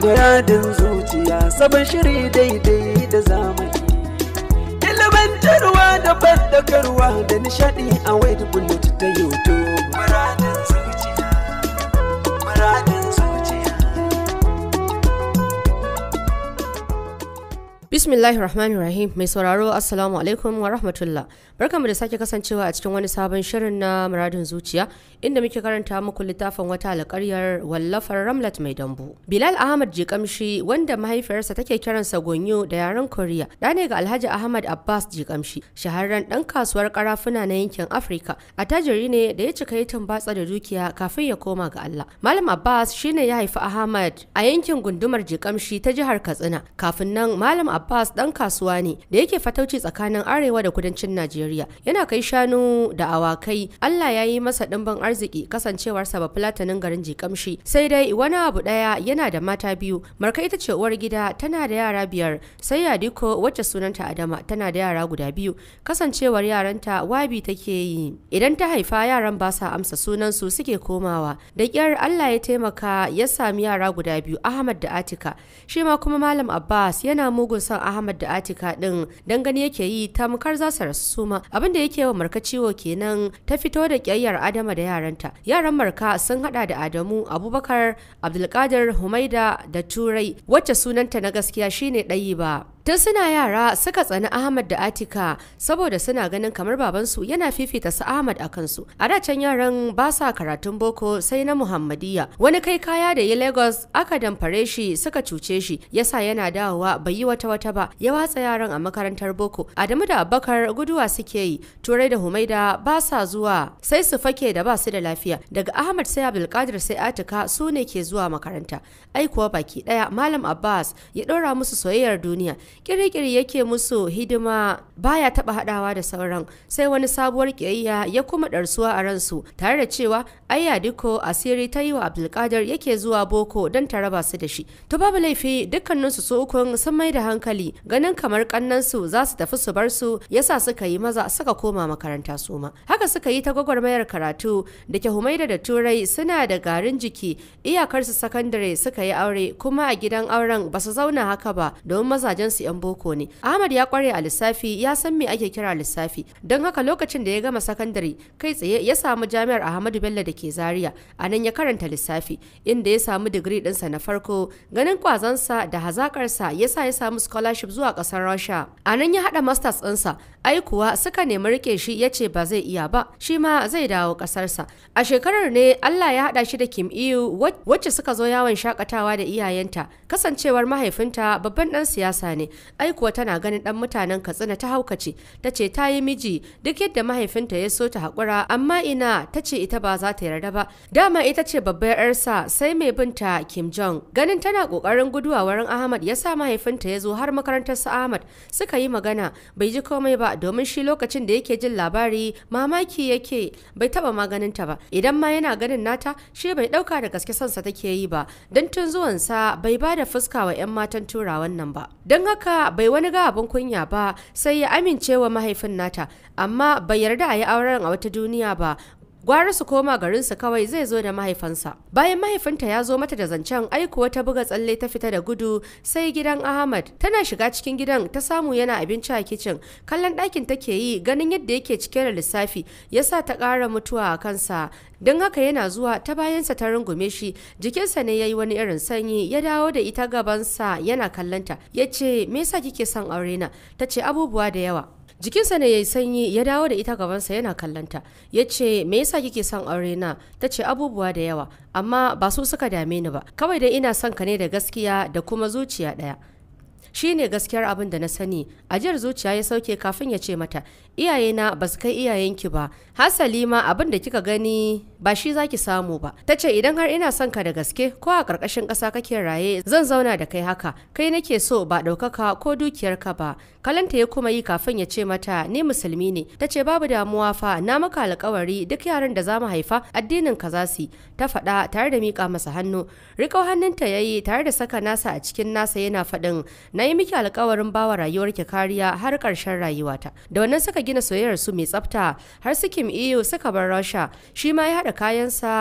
Guradin zuciya sabon shiri daidai da zamani. Ilimantarwa da bandakarwa da nishadi a wayar bullet ta YouTube. Bismillahir Rahmanir Rahim mai sauraro Assalamu alaikum wa rahmatullah. Barkamu da sake kasancewa a cikin wani sabon shirin na muradin zuciya inda muke karanta muku littafin wata alƙaryar wallafar Ramlat mai dambu. Bilal Ahmad Jikamshi wanda mahaifiyarsa take kiransa Gonyo da yaren Koriya. Da ne ga Alhaji Ahmad Abbas Jikamshi, shahararren dan kasuwar karafuna na yankin Afirka. a tajiri ne da ya cika yitin batsa da dukiya kafin ya koma ga Allah. Malam Abbas shine ya haifi Ahmad a yankin gundumar Jikamshi ta jihar Katsina. Kafin nan Malam Abbas Abbas dan kasuwa ne da yake fatauci tsakanin arewa da kudancin Najeriya. Yana kai shanu da awakai. Allah ya yi masa ɗimbin arziki kasancewarsa ba platanin garin Jikamshi. Sai dai wani abu ɗaya yana da mata biyu. Marka ita ce uwar gida tana da yara biyar. Sai Yadiko wacce sunanta Adama tana da yara guda biyu. Kasancewar yaranta wabi take yi. Idan ta haifa yaran ba sa amsa sunan su suke komawa. Da kyar Allah ya taimaka ya sami yara guda biyu Ahmad da Atika. Shi ma kuma Malam Abbas yana mugun sa kan Ahmad da Atika din dan gani yake yi tamkar za su rasu suma abin da yake wa marka ciwo kenan ta fito da kyayyar Adama da yaranta yaran marka sun hada da Adamu Abubakar Abdulkadir Humaida da Turai wacce sunanta na gaskiya shine ɗayi ba Tun suna yara suka tsani Ahmad da Atika saboda suna ganin kamar babansu yana fifita su Ahmad a kansu. A da can yaran ba sa karatun boko sai na Muhammadiyya. Wani kai kaya da ya Lagos aka damfare shi suka cuce shi yasa yana dawowa bai yi wata wata ba ya watsa yaran a makarantar boko. Adamu da Abubakar guduwa suke yi Turai da Humaida ba sa zuwa sai su fake da ba su da lafiya. Daga Ahmad sai Abdulkadir sai Atika su ne ke zuwa makaranta. Ai baki daya Malam Abbas ya ɗora musu soyayyar duniya kirikiri yake musu hidima baya taba hadawa da sauran sai wani sabuwar kiyayya ya kuma darsuwa a ransu tare da cewa ayya diko asiri ta yi wa abdulkadir yake zuwa boko don ta raba su da shi to babu laifi dukkaninsu su ukun sun mai da hankali ganin kamar su za su tafi su bar su yasa suka yi maza suka koma makaranta su ma haka suka yi ta gwagwarmayar karatu da ke humaida da turai suna da garin jiki iyakarsu sakandare suka yi aure kuma a gidan auren ba su zauna haka ba domin mazajen su 'yan boko ne ahmad ya kware a lissafi ya san me ake kira lissafi don haka lokacin da ya gama sakandare kai tsaye ya samu jami'ar ahmadu bello da ke zaria a nan ya karanta lissafi inda ya samu digiri dinsa na farko ganin kwazansa da hazakarsa ya sa ya samu scholarship zuwa ƙasar russia a nan ya haɗa masters ɗinsa ai kuwa suka nemi rike shi ya ce ba zai iya ba shi ma zai dawo ƙasarsa a shekarar ne allah ya haɗa shi da kim iyu wacce suka zo yawon shakatawa da iyayenta kasancewar mahaifinta babban ɗan siyasa ne ai kuwa tana ganin dan mutanen katsina ta haukace ta ce ta yi miji duk yadda mahaifinta ya so ta hakura amma ina ta ce ita ba za ta yarda ba dama ita ce babbar yarsa sai mai binta kim jong ganin tana kokarin guduwa wurin ahmad ya sa mahaifinta ya zo har makarantar su ahmad suka yi magana bai ji komai ba domin shi lokacin da yake jin labari mamaki yake bai taba ta ba idan ma yana ganin nata shi bai ɗauka da gaske sansa take yi ba dan tun zuwan sa bai ba da fuska wa 'yan matan turawan nan ba dan haka haka bai wani ga abin kunya ba sai ya amince wa mahaifin nata amma bai yarda a yi auren a wata duniya ba gwara su koma su kawai zai zo da mahaifansa bayan mahaifinta ya zo mata da zancen aikuwa ta buga tsalle ta fita da gudu sai gidan ahmad tana shiga cikin gidan ta samu yana abinci a kicin kallon ɗakin take yi ganin yadda yake cike da lissafi ya sa ta ƙara mutuwa a kansa don haka yana zuwa ta bayansa ta rungume shi jikinsa ne ya yi wani irin sanyi ya dawo da ita gabansa yana kallanta ya ce me yasa kike son aure na ta ce abubuwa da yawa jikinsa ne ya yi sanyi ya dawo da ita gabansa yana kallanta ya ce me yasa kike son aure na ta ce abubuwa da yawa amma ba su suka dame ni ba kawai da ina son ka ne da gaskiya da kuma zuciya ɗaya shi ne gaskiyar abin da na sani ajiyar zuciya ya sauke kafin ya ce mata iyayena ba su kai iyayenki ba hasali ma abin da kika gani ba shi zaki samu ba ta ce idan har ina son ka da gaske ko a ƙarƙashin ƙasa kake raye zan zauna da kai haka kai nake so ba ɗaukaka ko dukiyarka ba kalanta ya kuma yi kafin ya ce mata ni musulmi ne ta ce babu damuwa fa na maka alƙawari duk yaran da za mu haifa addinin ka za su ta faɗa tare da miƙa masa hannu riƙau hannunta ya yi tare da saka nasa a cikin nasa yana faɗin na yi miki alƙawarin bawa rayuwarki kariya har ƙarshen rayuwata da wannan suka gina soyayyar su mai tsafta har iyo suka bar rasha shi ma ya da kayansa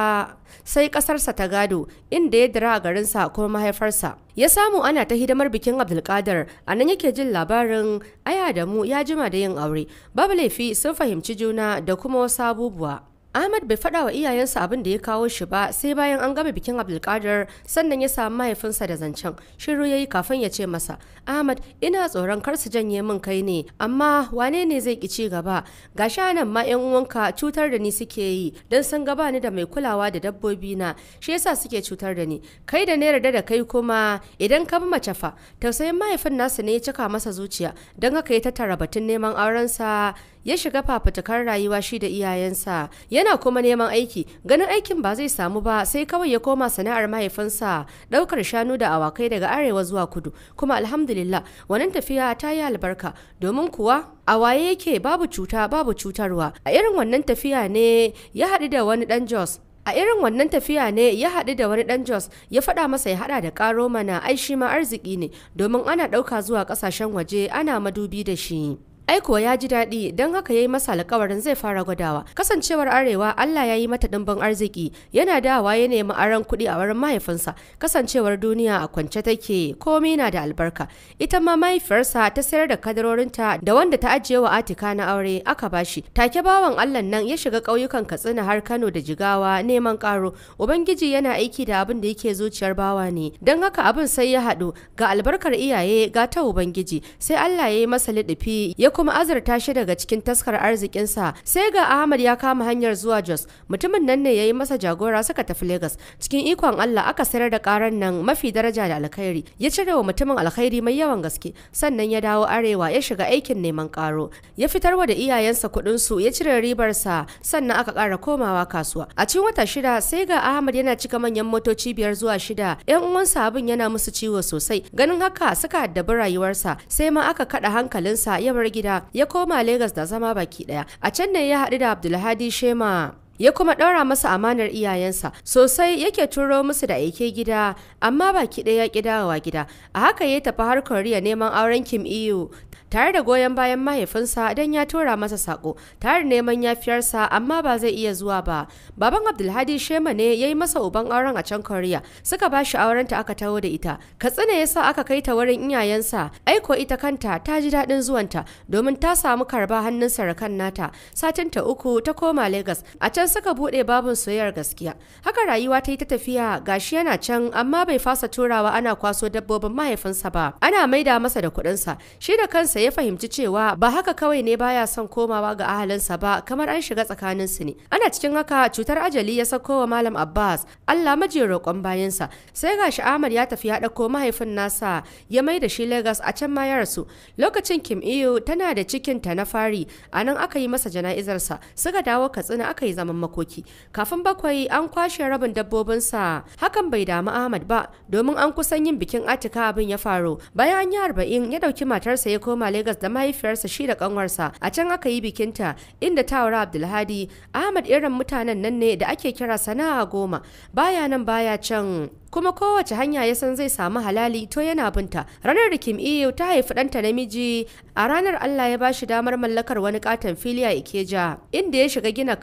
sai kasarsa ta gado inda ya dira a garinsa kuma mahaifarsa. Ya samu ana ta hidimar bikin Abdulkadir a nan yake jin labarin aya da mu ya jima da yin aure. Babu laifi sun fahimci juna da kuma wasu abubuwa. Ahmad bai faɗa wa iyayensa abin da ya kawo shi ba sai bayan an gama bikin Abdulkadir sannan ya samu mahaifinsa da zancen. Shiru ya yi kafin ya ce masa, Ahmad ina tsoron kar su janye min kai ne, amma wane ne zai ki ci gaba? Ga shi anan ma 'yan uwanka cutar da ni suke yi don sun gaba ni da mai kulawa da dabbobi na, shi yasa suke cutar da ni. Kai da ne yarda da kai kuma idan ka bi mace fa, tausayin mahaifin nasu ne ya cika masa zuciya don haka ya tattara batun neman aurensa ya shiga fafutukar rayuwa shi da iyayensa yana kuma neman aiki ganin aikin ba zai samu ba sai kawai ya koma sana'ar mahaifinsa daukar shanu da awakai daga arewa zuwa kudu kuma alhamdulillah wannan tafiya ta yi albarka domin kuwa a waye yake babu cuta babu cutarwa a irin wannan tafiya ne ya haɗu da wani ɗan jos a irin wannan tafiya ne ya haɗu da wani ɗan jos ya faɗa masa ya haɗa da ƙaro mana ai shi ma arziki ne domin ana ɗauka zuwa ƙasashen waje ana madubi da shi Aiko ya ji daɗi don haka ya yi masa alkawarin zai fara gwadawa. Kasancewar Arewa Allah ya yi mata ɗimbin arziki yana dawa ya nemi aron kuɗi a wurin mahaifinsa. Kasancewar duniya a kwance take komi na da albarka. Ita ma mahaifiyarsa ta sayar da kadarorinta da wanda ta ajiye wa Atika na aure aka bashi. Take bawan Allah nan ya shiga ƙauyukan Katsina har Kano da Jigawa neman karo Ubangiji yana aiki da abin da yake zuciyar bawa ne. Don haka abin sai ya haɗu ga albarkar iyaye ga ta Ubangiji sai Allah ya yi masa liɗifi ya kuma azurta shi daga cikin taskar arzikinsa sai ga ahmad ya kama hanyar zuwa jos mutumin nan ne ya yi masa jagora suka tafi lagos cikin ikon allah aka sayar da karan nan mafi daraja da alkhairi ya cire wa mutumin alkhairi mai yawan gaske sannan ya dawo arewa ya shiga aikin neman karo ya fitar wa da iyayensa kuɗin ya cire ribarsa sannan aka ƙara komawa kasuwa a cikin wata shida sai ga ahmad yana cika manyan motoci biyar zuwa shida yan uwansa abin yana musu ciwo sosai ganin haka suka addabi rayuwarsa sai ma aka kaɗa hankalinsa ya bar gida gida ya koma Legas da zama baki daya a can ne ya haɗu da Abdulhadi Shema ya kuma ɗaura masa amanar iyayensa sosai yake turo musu da aike gida amma baki ɗaya ya ƙi dawowa gida a haka ya tafi harkar riya neman auren kim iyo tare da goyon bayan mahaifinsa don ya tura masa sako tare neman yafiyarsa amma ba zai iya zuwa ba baban abdulhadi shema ne ya yi masa uban auren a can koriya suka ba shi aurenta aka taho da ita katsina ya sa aka kai ta wurin iyayensa aiko ita kanta ta ji daɗin zuwanta domin ta samu karba hannun sarakan nata satin ta uku ta koma Legas a can suka buɗe babun soyayyar gaskiya haka rayuwa ta yi ta tafiya gashi yana can amma bai fasa turawa ana kwaso dabbobin mahaifinsa ba ana maida masa da kuɗinsa shi da kansa sa ya fahimci cewa ba haka kawai ne baya son komawa ga ahalinsa ba kamar an shiga tsakanin su ne ana cikin haka cutar ajali ya sako wa malam abbas allah maje roƙon bayansa sai gashi amar ya tafi ya ɗauko mahaifin nasa ya mai da shi lagos a can ma ya rasu lokacin kim iyo tana da cikin ta na fari a nan aka yi masa jana'izarsa suka dawo katsina aka yi zaman makoki kafin bakwai an kwashe rabin dabbobinsa hakan bai damu ahmad ba domin an kusan yin bikin atika abin ya faru bayan an yi arba'in ya ɗauki matarsa ya koma koma Legas da mahaifiyarsa shi da kanwarsa. A can aka yi bikinta inda Tawara Abdulhadi Ahmad irin mutanen nan ne da ake kira sana'a goma baya nan baya can kuma kowace hanya ya san zai samu halali to yana binta ranar da kim iyo ta haifi ɗanta namiji a ranar allah ya ba shi damar mallakar wani katon fili a ikeja inda ya shiga gina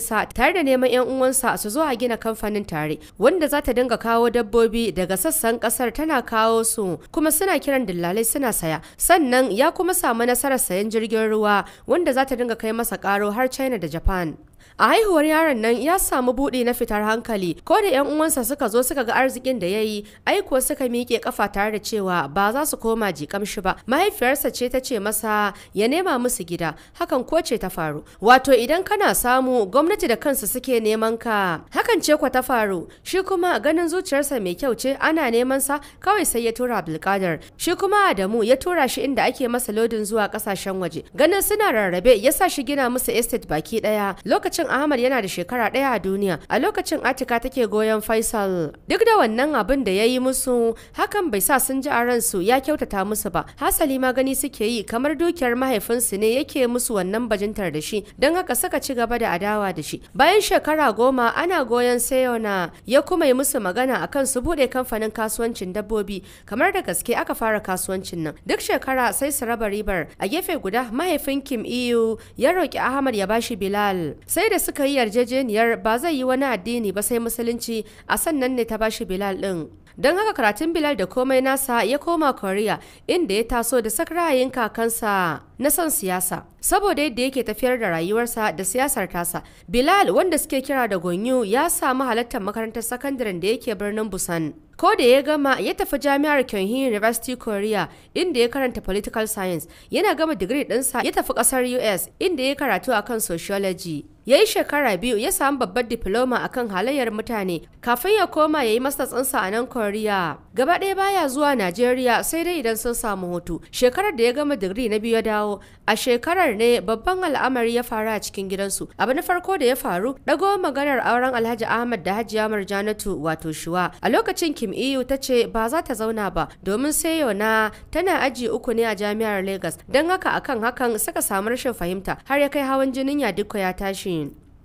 sa tare da neman yan uwansa su zo a gina kamfanin tare wanda za ta dinga kawo dabbobi daga sassan kasar tana kawo su kuma suna kiran dillalai suna saya sannan ya kuma samu nasarar sayan jirgin ruwa wanda za ta dinga kai masa karo har China da Japan. a haihuwar yaron nan ya samu buɗe na fitar hankali ko da yan uwansa suka zo suka ga arzikin da ya yi ai kuwa suka miƙe kafa tare da cewa ba za su koma jikamshi ba mahaifiyarsa ce ta ce masa ya nema musu gida hakan ko ce ta faru wato idan kana samu gwamnati da kansu suke neman ka hakan ce kwa ta faru shi kuma ganin zuciyarsa mai kyau ce ana neman sa kawai sai ya tura abdulkadir shi kuma adamu ya tura shi inda ake masa lodin zuwa kasashen waje ganin suna rarrabe ya sa shi gina musu estate baki ɗaya. lokacin lokacin Ahmad yana da shekara ɗaya a duniya a lokacin Atika take goyon Faisal duk da wannan abin da ya yi musu hakan bai sa sun ji a ransu ya kyautata musu ba hasali ma gani suke yi kamar dukiyar mahaifinsu ne yake musu wannan bajintar da shi don haka suka ci gaba da adawa da shi bayan shekara goma ana goyon Sayona ya kuma yi musu magana akan su bude kamfanin kasuwancin dabbobi kamar da gaske aka fara kasuwancin nan duk shekara sai su raba ribar a gefe guda mahaifin Kim Iyu ya roki Ahmad ya bashi Bilal sai da suka yi yarjejeniyar ba zai yi wani addini ba sai musulunci a sannan ne ta bashi bilal ɗin don haka karatun bilal da komai nasa ya koma korea inda ya taso da sakrayin kakansa na son siyasa saboda yadda yake tafiyar da rayuwarsa da siyasar tasa bilal wanda suke kira da gonyu ya samu halartar makarantar sakandaren da yake birnin busan ko da ya gama ya tafi jami'ar Kyunhee University Korea inda ya karanta political science yana gama digiri ɗinsa ya tafi ƙasar US inda ya karatu akan sociology ya yi shekara biyu ya samu babbar diploma akan halayyar mutane kafin ya koma ya yi masa tsinsa a nan koriya gaba ɗaya baya zuwa najeriya sai dai idan sun samu hutu shekarar da ya gama digiri na biyu ya dawo a shekarar ne babban al'amari ya faru a cikin gidansu abu na farko da ya faru ɗago maganar auren alhaji ahmad da hajiya marjanatu wato shuwa a lokacin kim iyu e ta ce ba za ta zauna ba domin sai yona tana aji uku ne a jami'ar lagos don haka akan hakan suka samu rashin fahimta har ya kai hawan jinin yadiko ya tashi kwananta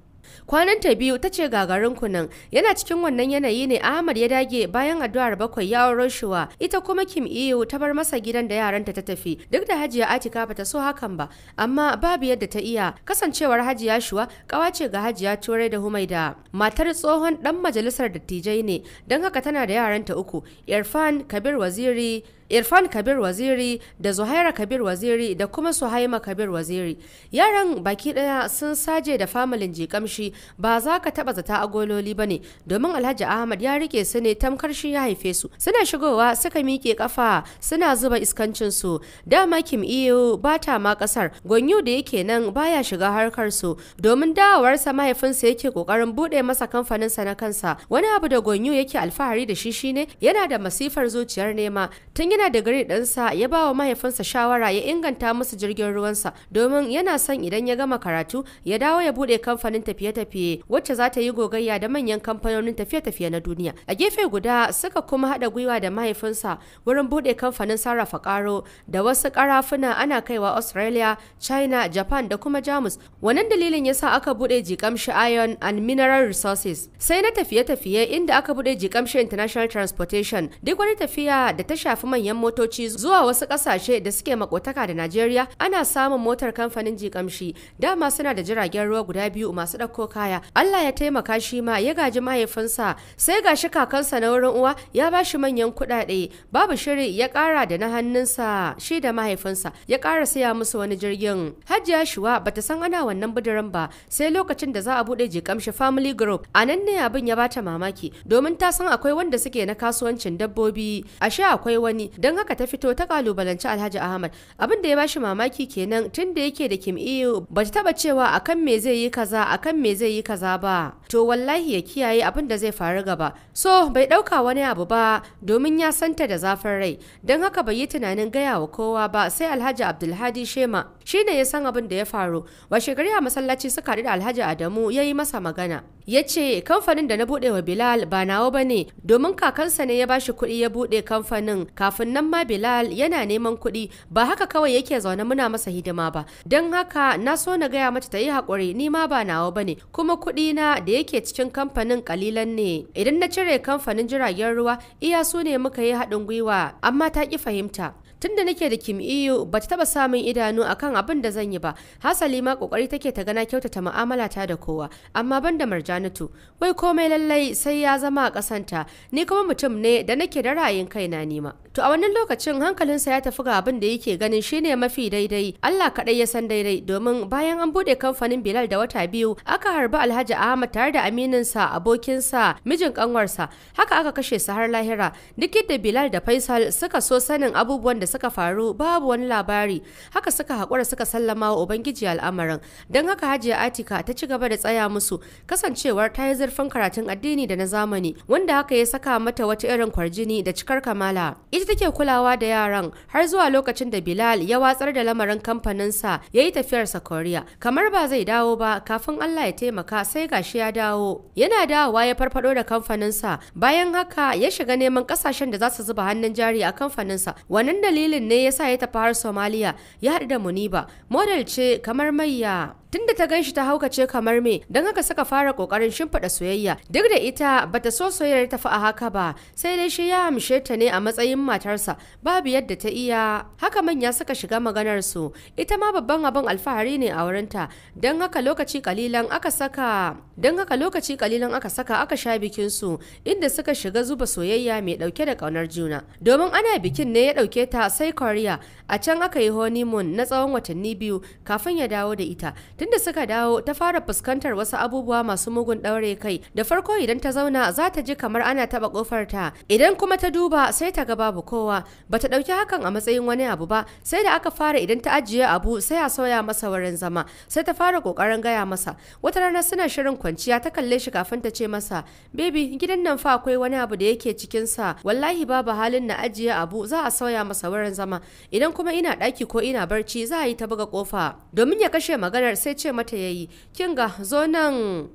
kwanan ta biyu ta ce gagarin kunan yana cikin wannan yanayi ne ahmad ya dage bayan addu'ar bakwai ya auro shuwa ita kuma kim iyo ta bar masa gidan da yaranta ta tafi duk da hajiya atika bata so hakan ba amma babu yadda ta iya kasancewar hajiya shuwa kawa ce ga hajiya turai da humaida matar tsohon dan majalisar dattijai ne dan haka tana da yaranta uku irfan kabir waziri Irfan Kabir Waziri da Zuhaira Kabir Waziri da kuma Suhaima Kabir Waziri. Yaran baki ɗaya sun saje da familin jikamshi ba za ka taɓa zata agololi ba ne domin Alhaji Ahmad ya rike su ne tamkar shi ya haife su. Suna shigowa suka miƙe ƙafa suna zuba iskancin su. Dama Kim Iyo ba ta ma ƙasar Gonyo da yake nan baya shiga harkar su domin dawowarsa mahaifinsa yake ƙoƙarin buɗe masa kamfaninsa na kansa. Wani abu da Gonyo yake alfahari da shi shine yana da masifar zuciyar nema tun yana da gari ɗansa ya ba wa mahaifinsa shawara ya inganta musu jirgin ruwansa domin yana son idan ya gama karatu ya dawo ya buɗe kamfanin tafiye-tafiye wacce za ta yi gogayya da manyan kamfanonin tafiye-tafiye na duniya. A gefe guda suka kuma haɗa gwiwa da mahaifinsa wurin buɗe kamfanin sarrafa karo da wasu ƙarafuna ana kaiwa Australia, China, Japan da kuma Jamus. Wannan dalilin ya sa aka buɗe jikamshi iron and mineral resources. Sai na tafiye-tafiye inda aka buɗe jikamshi international transportation duk wani tafiya da ta shafi manyan manyan motoci zuwa wasu kasashe da suke makotaka da Najeriya ana samun motar kamfanin jikamshi dama suna da jiragen ruwa guda biyu masu ɗauko kaya Allah ya taimaka shi ma ya gaji mahaifinsa sai gashi kakansa na wurin uwa ya ba shi manyan kuɗaɗe babu shiri ya ƙara da na hannunsa shi da mahaifinsa ya ƙara saya musu wani jirgin Hajiya Shuwa bata san ana wannan bidiran ba sai lokacin da za a buɗe jikamshi family group a nan ne abin ya bata mamaki domin ta san akwai wanda suke na kasuwancin dabbobi ashe akwai wani don haka ta fito ta kalubalanci Alhaji Ahmad abin da ya bashi mamaki kenan tun da yake da Kim Iyo ba ta taba cewa akan me zai yi kaza akan me zai yi kaza ba to wallahi ya kiyaye abin da zai faru gaba so bai dauka wani abu ba domin ya santa da zafin rai don haka bai yi tunanin gaya wa kowa ba sai Alhaji Abdulhadi Shema shine ya san abin da ya faru washe a masallaci suka haɗu da Alhaji Adamu ya yi masa magana ya ce kamfanin da na buɗe wa Bilal ba nawa ba ne domin kakansa ne ya bashi kuɗi ya buɗe kamfanin kafin kafin nan ma Bilal yana neman kuɗi ba haka kawai yake zaune muna masa hidima ba don haka na so na gaya mata ta yi haƙuri ni ma ba nawa bane kuma kuɗi na da yake cikin kamfanin kalilan ne idan na cire kamfanin jiragen ruwa iya su ne muka yi haɗin gwiwa amma ta ki fahimta tunda nake da kimiyyu ba ta taba samun idanu akan abin da zan yi ba hasali ma kokari take ta gana kyautata mu'amala ta da kowa amma ban da marjanatu wai komai lallai sai ya zama a kasanta ni kuma mutum ne da nake da ra'ayin kaina nima to a wannan lokacin hankalinsa ya tafi ga abin da yake ganin shine mafi daidai Allah kaɗai ya san daidai domin bayan an bude kamfanin Bilal da wata biyu aka harbi Alhaji Ahmad tare da amininsa abokinsa mijin kanwarsa haka aka kashe su har lahira duk da Bilal da Faisal suka so sanin abubuwan da suka faru babu wani labari haka suka haƙura suka sallama wa ubangiji al'amarin don haka hajiya atika ta ci gaba da tsaya musu kasancewar ta yi zurfin karatun addini da na zamani wanda haka ya saka mata wata irin kwarjini da cikar kamala ita take kulawa da yaran har zuwa lokacin da bilal ya watsar da lamarin kamfaninsa ya yi tafiyarsa koriya kamar ba zai dawo ba kafin allah ya taimaka sai gashi ya dawo yana dawowa ya farfado da kamfaninsa bayan haka ya shiga neman kasashen da za su zuba hannun jari a kamfaninsa wannan da dalilin ne ya sa ya tafi har Somalia ya haɗu da Muniba, model ce kamar mayya. tunda ta ganshi ta haukace kamar me don haka suka fara kokarin shimfiɗa soyayya duk da ita bata so soyayyar tafi a haka ba sai dai shi ya amshe ta ne a matsayin matarsa babu yadda ta iya haka manya suka shiga maganar su ita ma babban abin alfahari ne a wurinta don haka lokaci kalilan aka saka don haka lokaci kalilan aka saka aka sha bikin su inda suka shiga zuba soyayya mai dauke da kaunar juna domin ana bikin ne ya dauke ta sai Korea a can aka yi honeymoon na tsawon watanni biyu kafin ya dawo da ita da suka dawo ta fara fuskantar wasu abubuwa masu mugun daure kai. Da farko idan ta zauna za ta ji kamar ana taba kofar ta. Idan kuma ta duba sai ta ga babu kowa. Bata ɗauki hakan a matsayin wani abu ba. Sai da aka fara idan ta ajiye abu sai a sauya masa wurin zama. Sai ta fara kokarin gaya masa. Wata rana suna shirin kwanciya ta kalle shi kafin ta ce masa, "Baby, gidan nan fa akwai wani abu da yake cikin sa Wallahi babu halin na ajiye abu za a sauya masa wurin zama. Idan kuma ina daki ko ina barci za a yi ta buga kofa Domin ya kashe maganar sai ce mata yayi kin ga zo nan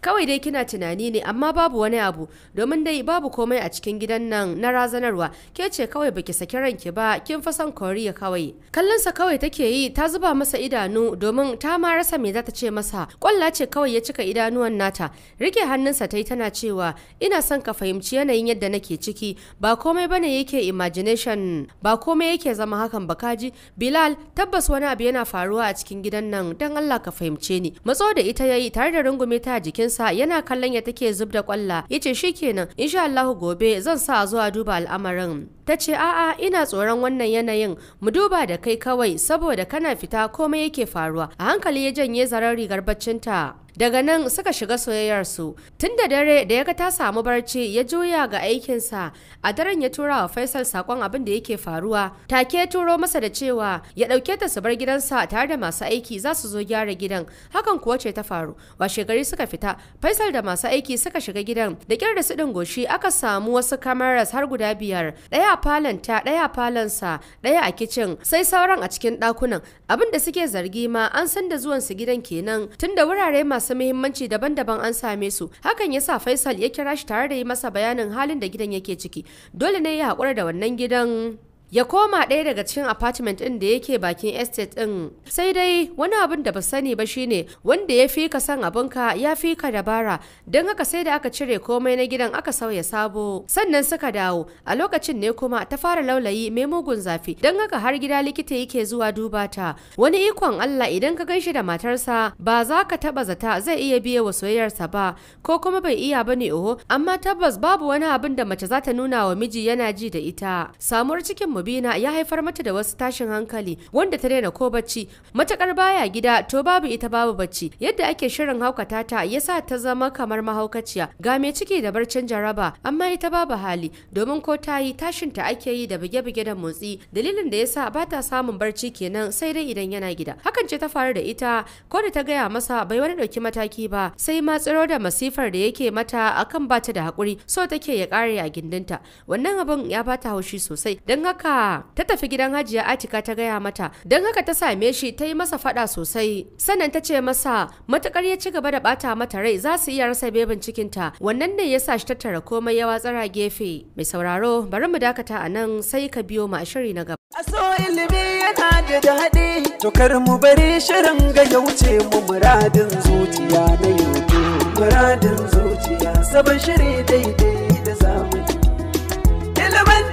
kawai dai kina tunani ne amma babu wani abu domin dai babu komai a cikin gidan nan na razanarwa ke ce kawai baki saki ranki ba kin fa son koriya kawai kallonsa kawai take yi ta zuba masa idanu domin ta ma rasa me za ta ce masa kwalla ce kawai ya cika idanuwan nata rike hannunsa ta yi tana cewa ina son ka fahimci yanayin yadda nake ciki ba komai bane yake imagination ba komai yake zama hakan ba kaji bilal tabbas wani abu yana faruwa a cikin gidan nan dan allah ka fahimce ni matso da ita yayi tare da rungume ta jikinsa yana kallon ya take zub da kwalla ya ce shikenan insha Allah gobe zan sa zuwa duba al'amarin ta ce a'a ina tsoron wannan yanayin mu duba da kai kawai saboda kana fita komai yake faruwa a hankali ya janye zarar rigar baccinta daga nan suka shiga soyayyarsu tun da dare da ya ga ta samu barci ya juya ga aikinsa a daren ya tura wa faisal sakon abin da yake faruwa take turo masa da cewa ya ɗauke ta su bar gidansa tare da masu aiki za su zo gyara gidan hakan kuwa ce ta faru washe gari suka fita faisal da masu aiki suka shiga gidan da kyar da su goshi aka samu wasu kamaras har guda biyar ɗaya a falon ta ɗaya a falon sa ɗaya a kicin sai sauran a cikin ɗakunan abin da suke zargi ma an san da zuwan su gidan kenan tun da wurare masu masu muhimmanci daban-daban an same su hakan ya sa faisal ya kira shi tare da yi masa bayanin halin da gidan yake ciki dole ne ya haƙura da wannan gidan ya koma ɗaya daga cikin apartment ɗin da yake bakin estate ɗin sai dai wani abin da ba sani ba shine wanda ya fika ka san abinka ya fika dabara don haka sai da aka cire komai na gidan aka sauya sabo sannan suka dawo a lokacin ne kuma ta fara laulayi mai mugun zafi don haka har gida likita yake zuwa duba ta wani ikon Allah idan ka gaishe da matarsa ba za ka taba zata zai iya biye wa soyayyarsa ba ko kuma bai iya ba bane oho amma tabbas babu wani abin da mace za ta nuna wa miji yana ji da ita samuwar cikin mu Obina ya haifar mata da wasu tashin hankali wanda ta daina ko bacci matakar baya gida to babu ita babu bacci yadda ake shirin haukata ta yasa ta zama kamar mahaukaciya ga mai ciki da barcin jaraba amma ita babu hali domin ko ta yi tashin ta ake yi da buge-buge da motsi dalilin da yasa ba ta samun barci kenan sai dai idan yana gida hakan ce ta faru da ita ko da ta gaya masa bai wani dauki mataki ba sai ma tsiro da masifar da yake mata akan bata da hakuri so take ya kare a gindinta wannan abin ya bata haushi sosai don haka ta tafi gidan Hajiya Atika ta gaya mata, don haka ta same shi ta yi masa fada sosai. Sannan ta ce masa, matukar ya ci gaba da bata mata rai za su iya rasa bebin cikinta, wannan ne ya sa shi tattara komai ya watsara gefe. Mai sauraro, bari mu dakata a nan sai ka biyo mu a shiri na gaba. a so ilimi yana da daɗi, to kar mu bari shirin ga ya wuce mu muradin zuciya na yau. Muradin zuciya, sabon shiri daidai.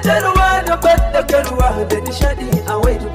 ilmantarwa da fadakarwa da nishadi a waidu